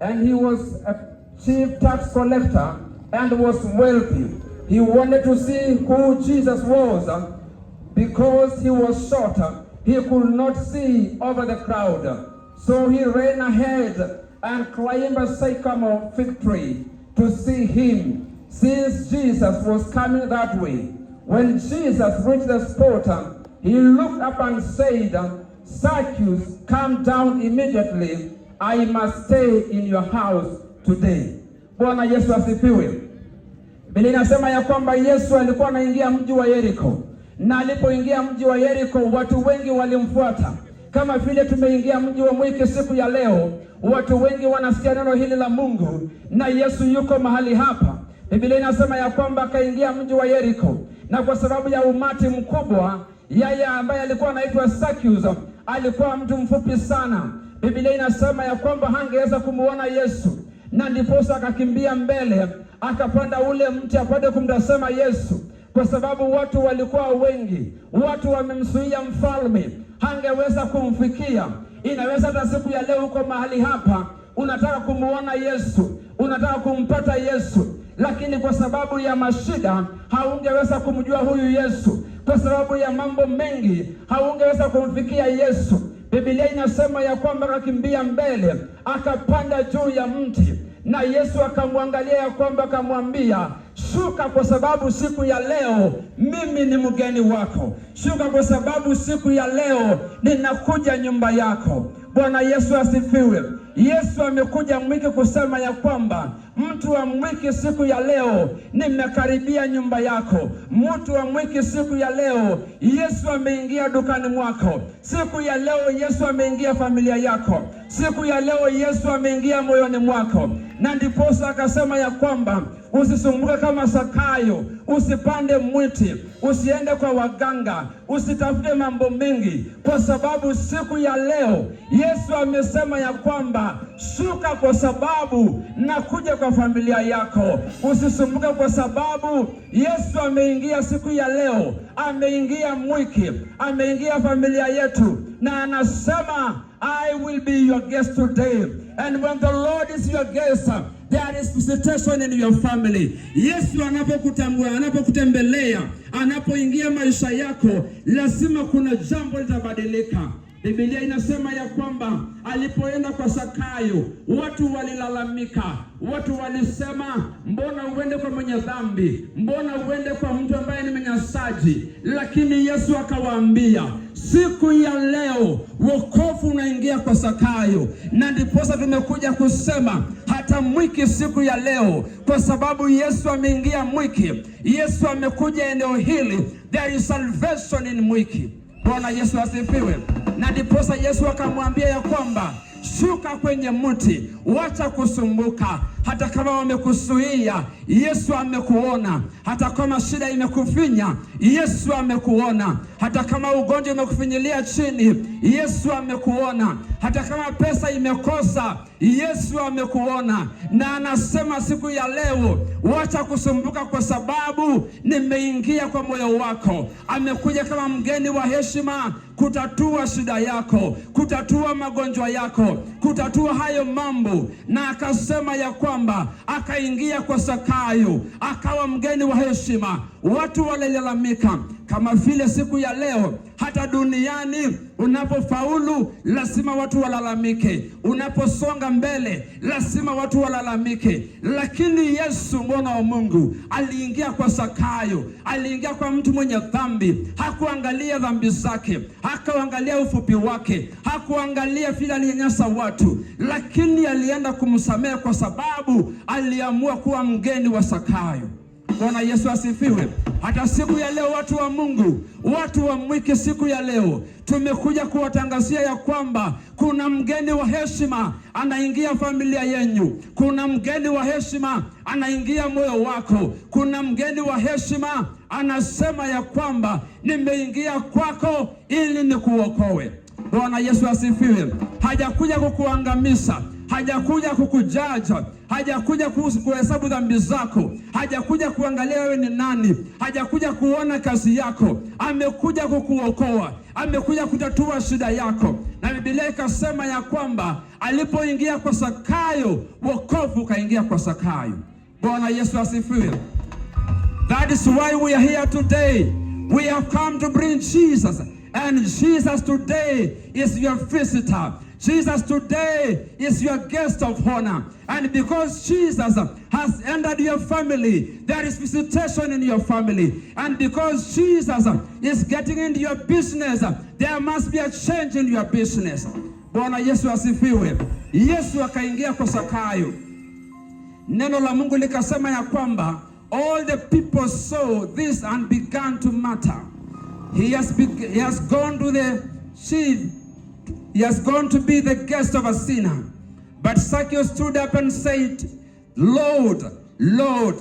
and he was a chief tax collector and was wealthy. He wanted to see who Jesus was because he was short. He could not see over the crowd. So he ran ahead and climbed a sycamore fig tree to see him, since Jesus was coming that way. When Jesus reached the spot, he looked up and said, Zacchaeus, come down immediately. I must stay in your house today. Bwana Yesu asifiwe. Biblia inasema ya kwamba Yesu alikuwa anaingia mji wa Yeriko, na alipoingia mji wa Yeriko watu wengi walimfuata. Kama vile tumeingia mji wa mwiki siku ya leo, watu wengi wanasikia neno hili la Mungu, na Yesu yuko mahali hapa. Biblia inasema ya kwamba akaingia mji wa Yeriko, na kwa sababu ya umati mkubwa, yeye ambaye alikuwa anaitwa Sakiuza alikuwa mtu mfupi sana Biblia inasema ya kwamba hangeweza kumuona Yesu, na ndiposa akakimbia mbele, akapanda ule mti apate kumtazama Yesu, kwa sababu watu walikuwa wengi, watu wamemzuia mfalme, hangeweza kumfikia. Inaweza hata siku ya leo uko mahali hapa, unataka kumuona Yesu, unataka kumpata Yesu, lakini kwa sababu ya mashida haungeweza kumjua huyu Yesu, kwa sababu ya mambo mengi haungeweza kumfikia Yesu. Biblia inasema ya kwamba akakimbia mbele akapanda juu ya mti, na Yesu akamwangalia ya kwamba akamwambia, shuka kwa sababu siku ya leo mimi ni mgeni wako. Shuka kwa sababu siku ya leo ninakuja nyumba yako. Bwana Yesu asifiwe. Yesu amekuja mwiki kusema ya kwamba mtu wa mwiki siku ya leo nimekaribia nyumba yako. Mtu wa mwiki siku ya leo Yesu ameingia dukani mwako. Siku ya leo Yesu ameingia familia yako. Siku ya leo Yesu ameingia moyoni mwako, na ndiposa akasema ya kwamba usisumbuke kama Sakayo, usipande mwiti, usiende kwa waganga, usitafute mambo mengi, kwa sababu siku ya leo Yesu amesema ya kwamba shuka, kwa sababu nakuja kwa familia yako. Usisumbuke kwa sababu Yesu ameingia siku ya leo, ameingia mwiki, ameingia familia yetu, na anasema I will be your guest today and when the Lord is your guest there is visitation in your family. Yesu anapokutambua, anapokutembelea, anapoingia maisha yako, lazima kuna jambo litabadilika. Biblia inasema ya kwamba alipoenda kwa sakayo watu walilalamika, watu walisema, mbona uende kwa mwenye dhambi? Mbona uende kwa mtu ambaye ni mnyanyasaji? Lakini Yesu akawaambia, siku ya leo wokovu unaingia kwa sakayo na ndiposa tumekuja kusema hata mwiki siku ya leo, kwa sababu Yesu ameingia mwiki. Yesu amekuja eneo hili, there is salvation in mwiki. Bwana Yesu asifiwe. Na ndiposa Yesu akamwambia ya kwamba shuka kwenye mti, wacha kusumbuka. Hata kama wamekusuia Yesu amekuona. Hata kama shida imekufinya, Yesu amekuona. Hata kama ugonjwa umekufinyilia chini, Yesu amekuona. Hata kama pesa imekosa, Yesu amekuona, na anasema siku ya leo, wacha kusumbuka, kwa sababu nimeingia kwa moyo wako. Amekuja kama mgeni wa heshima kutatua shida yako, kutatua magonjwa yako, kutatua hayo mambo. Na akasema ya kwamba akaingia kwa Sakayo akawa mgeni wa heshima. Watu walilalamika kama vile siku ya leo. Hata duniani unapofaulu lazima watu walalamike, unaposonga mbele lazima watu walalamike. Lakini Yesu mwana wa Mungu aliingia kwa sakayo aliingia kwa mtu mwenye dhambi. Hakuangalia dhambi zake, hakuangalia ufupi wake, hakuangalia vile alinyanyasa watu, lakini alienda kumsamehe kwa sababu aliamua kuwa mgeni wa sakayo Bwana Yesu asifiwe. Hata siku ya leo watu wa Mungu, watu wa Mwiki, siku ya leo tumekuja kuwatangazia ya kwamba kuna mgeni wa heshima anaingia familia yenyu, kuna mgeni wa heshima anaingia moyo wako, kuna mgeni wa heshima anasema ya kwamba nimeingia kwako ili nikuokoe. Bwana Yesu asifiwe. Hajakuja kukuangamiza hajakuja kukujaja, hajakuja kuhesabu dhambi zako, hajakuja kuangalia wewe ni nani, hajakuja kuona kazi yako. Amekuja kukuokoa, amekuja kutatua shida yako, na Biblia ikasema ya kwamba alipoingia kwa Sakayo, wokovu ukaingia kwa Sakayo. Bwana Yesu asifiwe. That is why we are here today. We have come to bring Jesus and Jesus today is your visitor. Jesus today is your guest of honor. And because Jesus has entered your family, there is visitation in your family. And because Jesus is getting into your business, there must be a change in your business. Bwana Yesu asifiwe. Yesu akaingia kwa Sakayo. Neno la Mungu likasema ya kwamba all the people saw this and began to matter. He has, he has gone to the chief he has gone to be the guest of a sinner. But Zacchaeus stood up and said, Lord, Lord,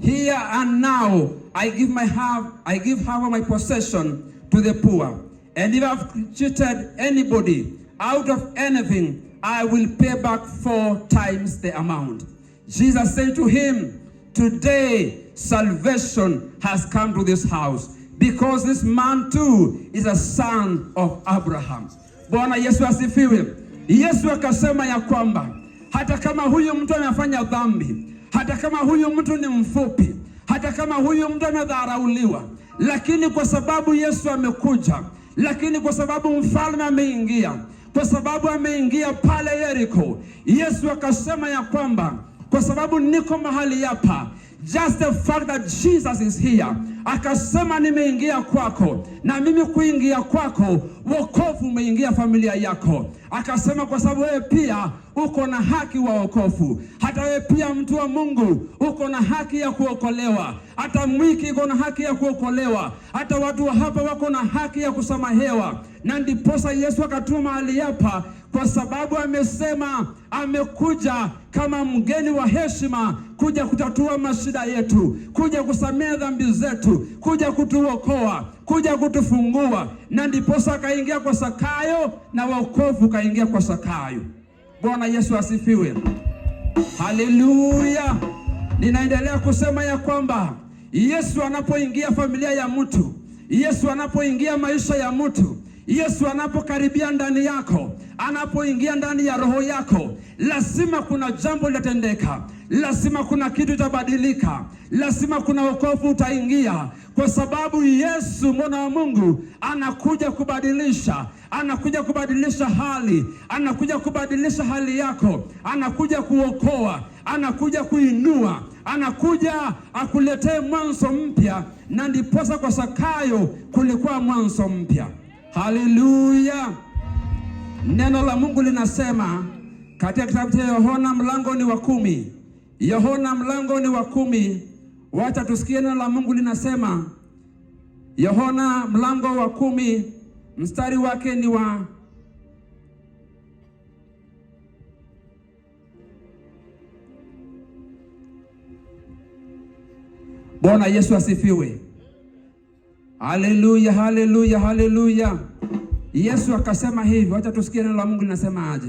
here and now I give my half, I give half of my possession to the poor. And if I've cheated anybody out of anything, I will pay back four times the amount. Jesus said to him, Today salvation has come to this house because this man too is a son of Abraham. Bwana Yesu asifiwe. Yesu akasema ya kwamba hata kama huyu mtu anafanya dhambi, hata kama huyu mtu ni mfupi, hata kama huyu mtu amedharauliwa, lakini kwa sababu Yesu amekuja, lakini kwa sababu mfalme ameingia, kwa sababu ameingia pale Yeriko, Yesu akasema ya kwamba kwa sababu niko mahali hapa Just the fact that Jesus is here, akasema nimeingia kwako, na mimi kuingia kwako, wokovu umeingia familia yako. Akasema kwa sababu wewe pia uko na haki wa wokovu, hata wewe pia mtu wa Mungu uko na haki ya kuokolewa, hata mwiki uko na haki ya kuokolewa, hata watu wa hapa wako na haki ya kusamehewa, na ndiposa Yesu akatuma mahali hapa kwa sababu amesema amekuja kama mgeni wa heshima, kuja kutatua mashida yetu, kuja kusamea dhambi zetu, kuja kutuokoa, kuja kutufungua. Na ndiposa akaingia kwa Sakayo na wokovu kaingia kwa Sakayo. Bwana Yesu asifiwe, haleluya. Ninaendelea kusema ya kwamba Yesu anapoingia familia ya mtu, Yesu anapoingia maisha ya mtu Yesu anapokaribia ndani yako, anapoingia ndani ya roho yako, lazima kuna jambo litatendeka, lazima kuna kitu itabadilika, lazima kuna wokovu utaingia, kwa sababu Yesu mwana wa Mungu anakuja kubadilisha, anakuja kubadilisha hali, anakuja kubadilisha hali yako, anakuja kuokoa, anakuja kuinua, anakuja akuletee mwanzo mpya, na ndiposa kwa sakayo kulikuwa mwanzo mpya. Haleluya! Neno la Mungu linasema katika kitabu cha Yohana mlango ni wa kumi. Yohana mlango ni wa kumi. Wacha tusikie neno la Mungu linasema. Yohana mlango wa kumi mstari wake ni wa Bwana Yesu asifiwe. Haleluya, haleluya, haleluya. Yesu akasema hivi, wacha tusikie neno la Mungu linasema aje.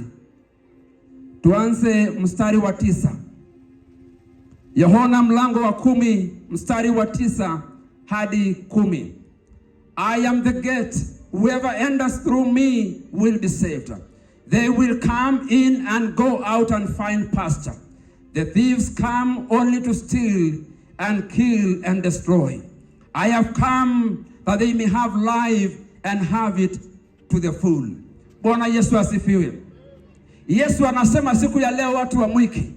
Tuanze mstari wa tisa. Yohana mlango wa kumi mstari wa tisa hadi kumi. I am the gate, whoever enters through me will be saved. They will come in and go out and find pasture. The thieves come only to steal and kill and destroy. I have come that they may have life and have it to the full. Bwana Yesu asifiwe. Yesu anasema siku ya leo watu wa mwiki,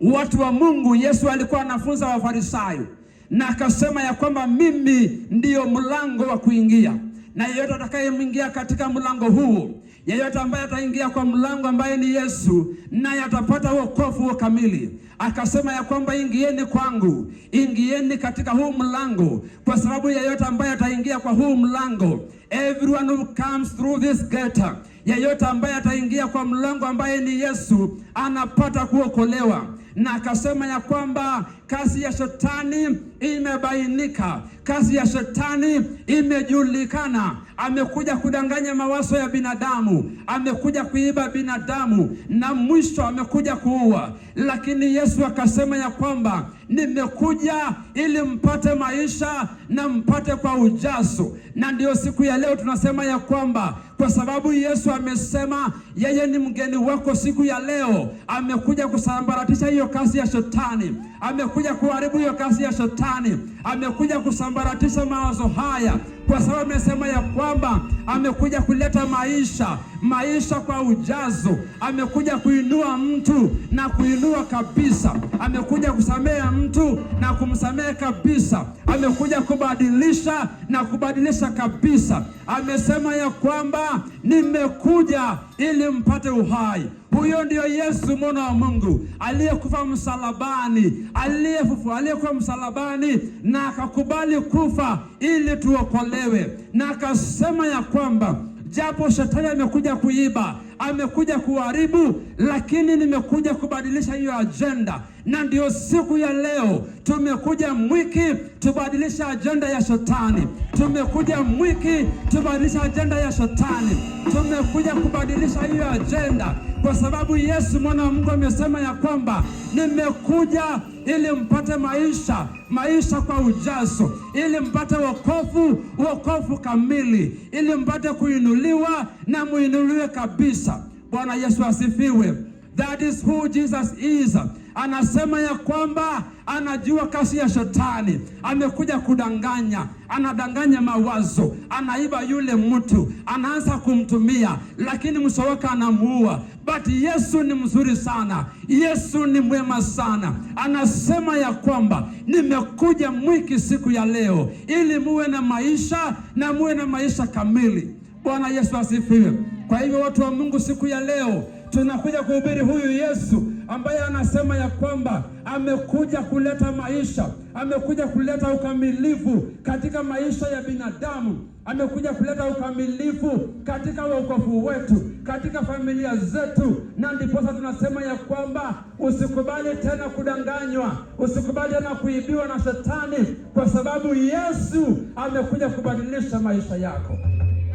watu wa Mungu. Yesu alikuwa anafunza Wafarisayo na akasema ya kwamba mimi ndiyo mlango wa kuingia na yeyote atakayemwingia katika mlango huu, yeyote ambaye ataingia kwa mlango ambaye ni Yesu, naye atapata wokovu wa kamili. Akasema ya kwamba ingieni kwangu, ingieni katika huu mlango, kwa sababu yeyote ambaye ataingia kwa huu mlango everyone who comes through this gate, yeyote ambaye ataingia kwa mlango ambaye ni Yesu anapata kuokolewa. Na akasema ya kwamba kazi ya shetani imebainika, kazi ya shetani imejulikana. Amekuja kudanganya mawazo ya binadamu, amekuja kuiba binadamu, na mwisho amekuja kuua. Lakini Yesu akasema ya kwamba nimekuja ili mpate maisha na mpate kwa ujazo. Na ndiyo siku ya leo tunasema ya kwamba kwa sababu Yesu amesema yeye ni mgeni wako, siku ya leo amekuja kusambaratisha hiyo kazi ya shetani, amekuja kuharibu hiyo kazi ya shetani, amekuja kusambaratisha mawazo haya kwa sababu amesema ya kwamba amekuja kuleta maisha, maisha kwa ujazo. Amekuja kuinua mtu na kuinua kabisa. Amekuja kusamehe mtu na kumsamehe kabisa. Amekuja kubadilisha na kubadilisha kabisa. Amesema ya kwamba nimekuja ili mpate uhai. Huyo ndio Yesu mwana wa Mungu aliyekufa msalabani, aliyefufu, aliyekuwa msalabani na akakubali kufa ili tuokolewe, na akasema ya kwamba japo shetani amekuja kuiba, amekuja kuharibu, lakini nimekuja kubadilisha hiyo ajenda na ndio siku ya leo tumekuja mwiki tubadilisha ajenda ya shetani. Tumekuja mwiki tubadilisha ajenda ya shetani. Tumekuja kubadilisha hiyo ajenda, kwa sababu Yesu mwana wa Mungu amesema ya kwamba nimekuja ili mpate maisha, maisha kwa ujazo, ili mpate wokovu, wokovu kamili, ili mpate kuinuliwa na muinuliwe kabisa. Bwana Yesu asifiwe. That is who Jesus is. Anasema ya kwamba anajua kasi ya shetani, amekuja kudanganya, anadanganya mawazo, anaiba yule mtu, anaanza kumtumia, lakini mwisho wake anamuua. But Yesu ni mzuri sana, Yesu ni mwema sana. Anasema ya kwamba nimekuja mwiki siku ya leo ili muwe na maisha na muwe na maisha kamili. Bwana Yesu asifiwe. Kwa hivyo watu wa Mungu, siku ya leo tunakuja kuhubiri huyu Yesu ambaye anasema ya kwamba amekuja kuleta maisha, amekuja kuleta ukamilifu katika maisha ya binadamu, amekuja kuleta ukamilifu katika wokovu wetu, katika familia zetu. Na ndiposa tunasema ya kwamba usikubali tena kudanganywa, usikubali tena kuibiwa na Shetani, kwa sababu Yesu amekuja kubadilisha maisha yako.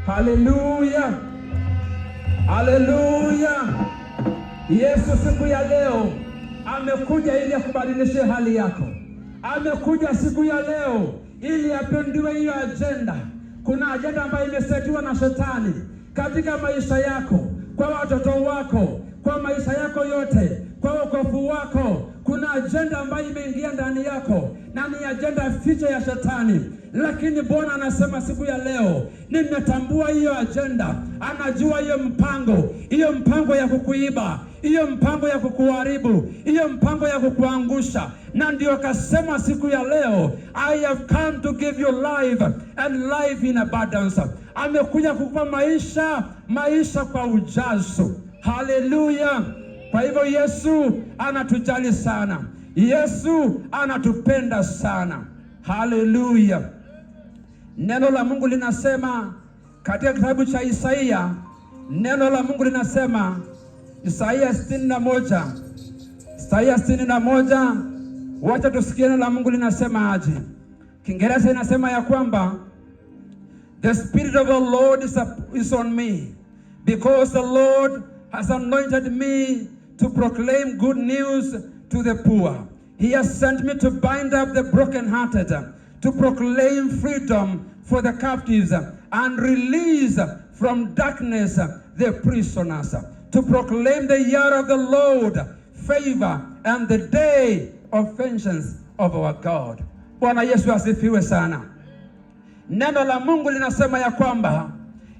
Haleluya, haleluya. Yesu siku ya leo amekuja ili akubadilishe hali yako. Amekuja siku ya leo ili apindue hiyo ajenda. Kuna ajenda ambayo imesetiwa na shetani katika maisha yako, kwa watoto wako, kwa maisha yako yote, kwa wokovu wako. Kuna ajenda ambayo imeingia ndani yako na ni ajenda ficha ya shetani lakini Bwana anasema siku ya leo, nimetambua hiyo ajenda, anajua hiyo mpango, hiyo mpango ya kukuiba, hiyo mpango ya kukuharibu, hiyo mpango ya kukuangusha, na ndio akasema siku ya leo, I have come to give you life and life in abundance. Amekuja kukupa maisha, maisha kwa ujazo. Haleluya! Kwa hivyo Yesu anatujali sana, Yesu anatupenda sana. Haleluya! Neno la Mungu linasema katika kitabu cha Isaia, neno la Mungu linasema Isaia sitini na moja Isaia sitini Wacha tusikie neno la Mungu linasema aje. Kiingereza inasema ya kwamba The spirit of the Lord is on me because the Lord has anointed me to proclaim good news to the poor. He has sent me to bind up the brokenhearted to proclaim freedom for the captives and release from darkness the prisoners, to proclaim the year of the Lord, favor and the day of vengeance of our God. Bwana Yesu asifiwe sana. Neno la Mungu linasema ya kwamba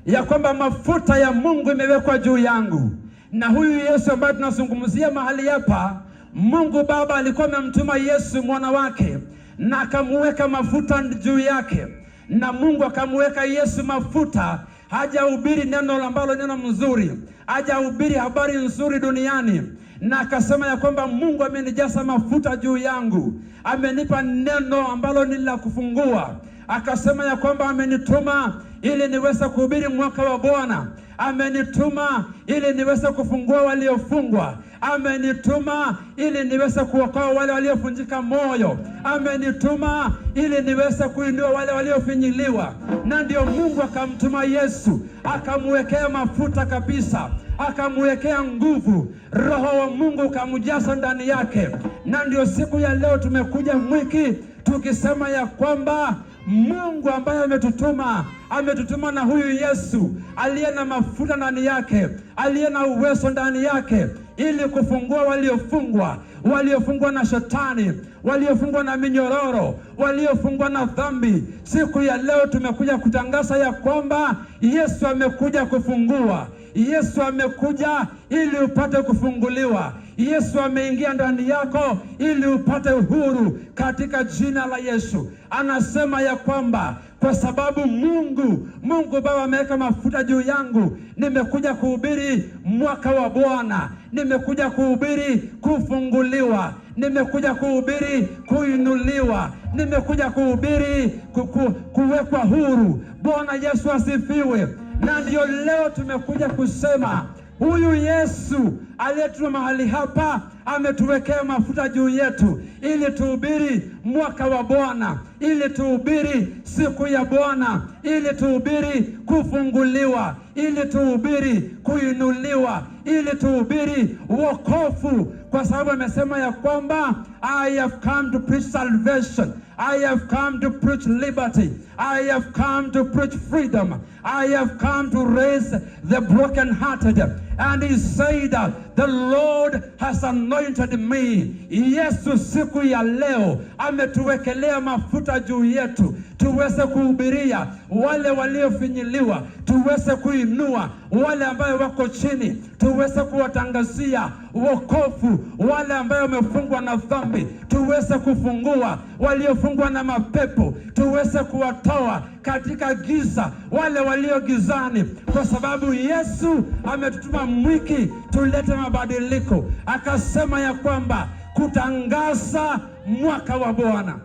ya kwamba mafuta ya Mungu imewekwa juu yangu, na huyu Yesu ambaye tunazungumzia mahali hapa, Mungu Baba alikuwa amemtuma Yesu mwana wake na akamuweka mafuta juu yake, na Mungu akamuweka Yesu mafuta. Hajahubiri neno ambalo neno mzuri, hajahubiri habari nzuri duniani, na akasema ya kwamba Mungu amenijaza mafuta juu yangu, amenipa neno ambalo ni la kufungua. Akasema ya kwamba amenituma ili niweze kuhubiri mwaka wa Bwana, amenituma ili niweze kufungua waliofungwa Amenituma ili niweze kuokoa wale waliovunjika moyo, amenituma ili niweze kuinua wale waliofinyiliwa. Na ndio Mungu akamtuma Yesu, akamwekea mafuta kabisa, akamwekea nguvu, Roho wa Mungu ukamjaza ndani yake. Na ndio siku ya leo tumekuja mwiki tukisema ya kwamba Mungu ambaye ametutuma ametutuma na huyu Yesu aliye na mafuta ndani yake, aliye na uwezo ndani yake ili kufungua waliofungwa, waliofungwa na shetani, waliofungwa na minyororo, waliofungwa na dhambi. Siku ya leo tumekuja kutangaza ya kwamba Yesu amekuja kufungua, Yesu amekuja ili upate kufunguliwa. Yesu ameingia ndani yako ili upate uhuru katika jina la Yesu. Anasema ya kwamba kwa sababu Mungu Mungu Baba ameweka mafuta juu yangu, nimekuja kuhubiri mwaka wa Bwana, nimekuja kuhubiri kufunguliwa, nimekuja kuhubiri kuinuliwa, nimekuja kuhubiri kuku, kuwekwa huru. Bwana Yesu asifiwe. Na ndio leo tumekuja kusema Huyu Yesu aliyetuma mahali hapa ametuwekea mafuta juu yetu, ili tuhubiri mwaka wa Bwana, ili tuhubiri siku ya Bwana, ili tuhubiri kufunguliwa, ili tuhubiri kuinuliwa, ili tuhubiri wokovu kwa sababu amesema ya kwamba I have come to preach salvation, I have come to preach liberty, I have come to preach freedom, I have come to raise the broken hearted and he said that the Lord has anointed me. Yesu siku ya leo ametuwekelea mafuta juu yetu tuweze kuhubiria wale waliofinyiliwa, tuweze kuinua wale ambayo wako chini, tuweze kuwatangazia wokovu wale ambayo wamefungwa na dhambi, tuweze kufungua waliofungwa na mapepo, tuweze kuwatoa katika giza wale walio gizani, kwa sababu Yesu ametutuma mwiki tulete mabadiliko, akasema ya kwamba kutangaza mwaka wa Bwana.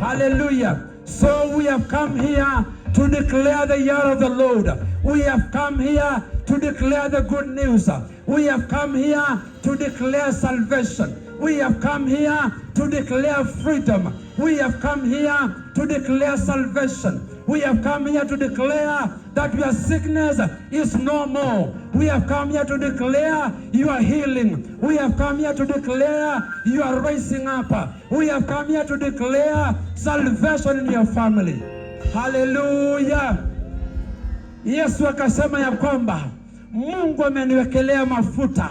Haleluya! So we have come here to declare the year of the Lord. We have come here to declare the good news. We have come here to declare salvation. We have come here to declare freedom. We have come here to declare salvation. We have come here to declare that your sickness is no more. We have come here to declare your healing. We have come here to declare you are rising up. We have come here to declare salvation in your family. Haleluya! Yesu akasema ya kwamba Mungu ameniwekelea mafuta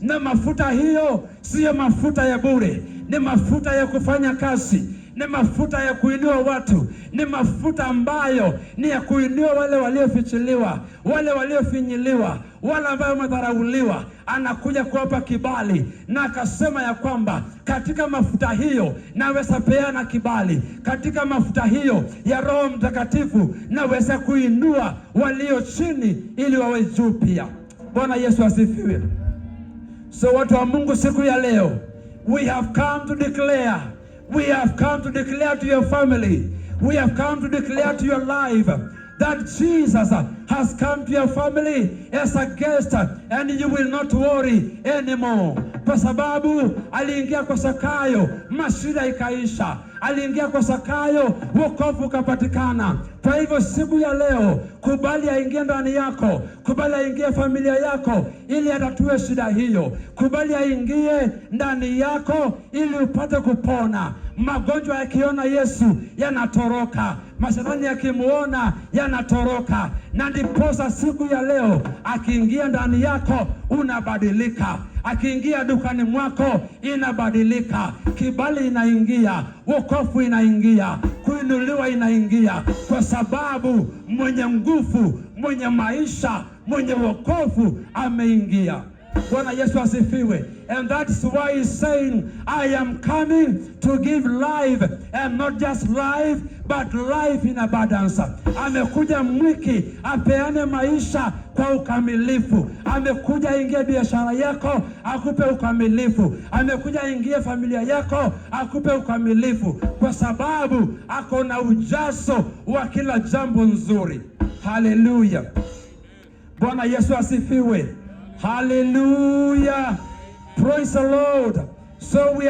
na mafuta hiyo siyo mafuta ya bure, ni mafuta ya kufanya kazi ni mafuta ya kuinua watu, ni mafuta ambayo ni ya kuinua wale waliofichiliwa, wale waliofinyiliwa, wale ambao wamedharauliwa. Anakuja kuwapa kibali, na akasema ya kwamba katika mafuta hiyo naweza peana kibali, katika mafuta hiyo ya Roho Mtakatifu naweza kuinua walio chini ili wawe juu pia. Bwana Yesu asifiwe. So watu wa Mungu, siku ya leo we have come to declare We have come to declare to your family, we have come to declare to your life that Jesus has come to your family as a guest and you will not worry anymore, kwa sababu aliingia kwa Sakayo, mashida ikaisha. Aliingia kwa Sakayo, wokovu ukapatikana. Kwa hivyo siku ya leo, kubali aingie ndani yako, kubali aingie familia yako ili atatue shida hiyo. Kubali aingie ndani yako ili upate kupona. Magonjwa yakiona Yesu yanatoroka, mashetani yakimuona yanatoroka na ndiposa siku ya leo akiingia ndani yako unabadilika, akiingia dukani mwako inabadilika, kibali inaingia, wokofu inaingia, kuinuliwa inaingia, kwa sababu mwenye nguvu, mwenye maisha, mwenye wokofu ameingia. Bwana Yesu asifiwe. And that's why he's saying I am coming to give life and not just life but life in abundance. Amekuja mwiki apeane maisha kwa ukamilifu. Amekuja ingie biashara yako akupe ukamilifu. Amekuja ingie familia yako akupe ukamilifu, kwa sababu ako na ujazo wa kila jambo nzuri. Haleluya, Bwana Yesu asifiwe. Hallelujah. Praise the Lord. So we